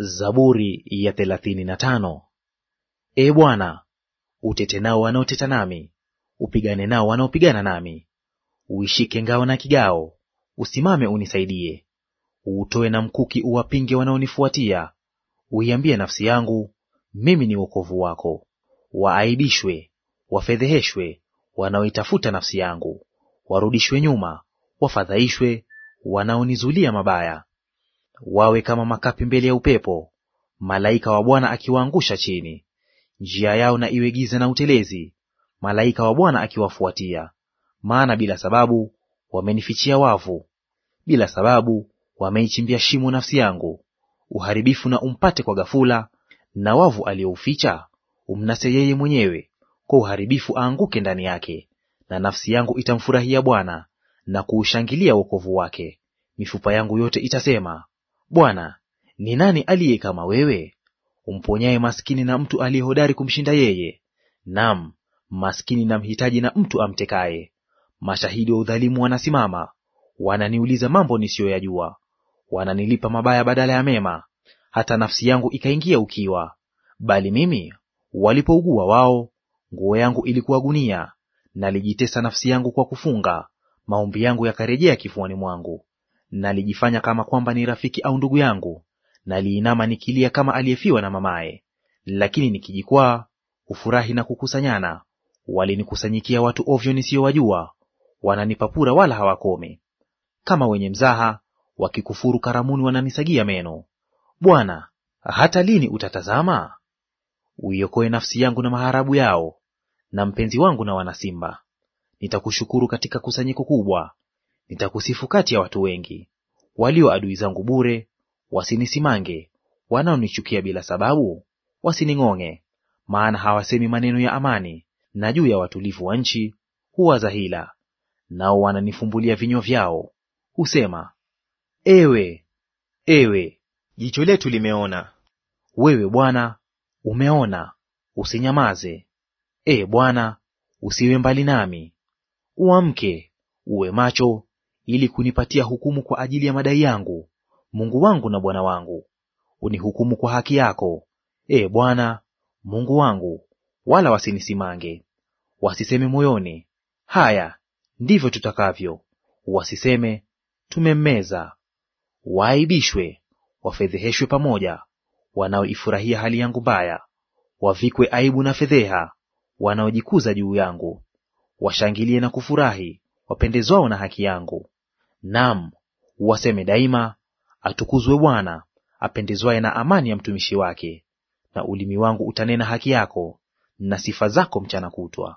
Zaburi ya thelathini na tano. Ee Bwana, utete nao wanaoteta nami, upigane nao wanaopigana nami. Uishike ngao na kigao, usimame unisaidie. Uutoe na mkuki, uwapinge wanaonifuatia. Uiambie nafsi yangu, mimi ni wokovu wako. Waaibishwe, wafedheheshwe wanaoitafuta nafsi yangu, warudishwe nyuma, wafadhaishwe wanaonizulia mabaya wawe kama makapi mbele ya upepo, malaika wa Bwana akiwaangusha chini. Njia yao na iwe giza na utelezi, malaika wa Bwana akiwafuatia. Maana bila sababu wamenifichia wavu, bila sababu wameichimbia shimo nafsi yangu. Uharibifu na umpate kwa ghafula, na wavu aliyouficha umnase yeye mwenyewe, kwa uharibifu aanguke ndani yake. Na nafsi yangu itamfurahia Bwana na kuushangilia wokovu wake. Mifupa yangu yote itasema, Bwana, ni nani aliye kama wewe, umponyaye maskini na mtu aliye hodari kumshinda yeye, nam maskini na mhitaji na mtu amtekaye? Mashahidi wa udhalimu wanasimama, wananiuliza mambo nisiyoyajua. Wananilipa mabaya badala ya mema, hata nafsi yangu ikaingia ukiwa. Bali mimi walipougua wao, nguo yangu ilikuwa gunia, nalijitesa nafsi yangu kwa kufunga, maombi yangu yakarejea kifuani mwangu nalijifanya kama kwamba ni rafiki au ndugu yangu, naliinama nikilia kama aliyefiwa na mamaye. Lakini nikijikwaa hufurahi na kukusanyana. Walinikusanyikia watu ovyo nisiyowajua, wananipapura wala hawakomi. Kama wenye mzaha wakikufuru karamuni, wananisagia meno. Bwana, hata lini utatazama? Uiokoe nafsi yangu na maharabu yao, na mpenzi wangu na wanasimba. Nitakushukuru katika kusanyiko kubwa, Nitakusifu kati ya watu wengi. Walio adui zangu bure wasinisimange, wanaonichukia bila sababu wasining'ong'e. Maana hawasemi maneno ya amani, na juu ya watulivu wa nchi huwaza hila. Nao wananifumbulia vinywa vyao, husema, Ewe, ewe, jicho letu limeona. Wewe Bwana umeona, usinyamaze. Ee Bwana, usiwe mbali nami. Uamke, uwe macho ili kunipatia hukumu kwa ajili ya madai yangu, Mungu wangu na Bwana wangu. Unihukumu kwa haki yako, e Bwana Mungu wangu, wala wasinisimange. Wasiseme moyoni, haya ndivyo tutakavyo; wasiseme tumemmeza. Waaibishwe, wafedheheshwe pamoja, wanaoifurahia hali yangu mbaya, wavikwe aibu na fedheha, wanaojikuza juu yangu. Washangilie na kufurahi wapendezwao na haki yangu. Naam, waseme daima, atukuzwe Bwana apendezwaye na amani ya mtumishi wake. Na ulimi wangu utanena haki yako na sifa zako mchana kutwa.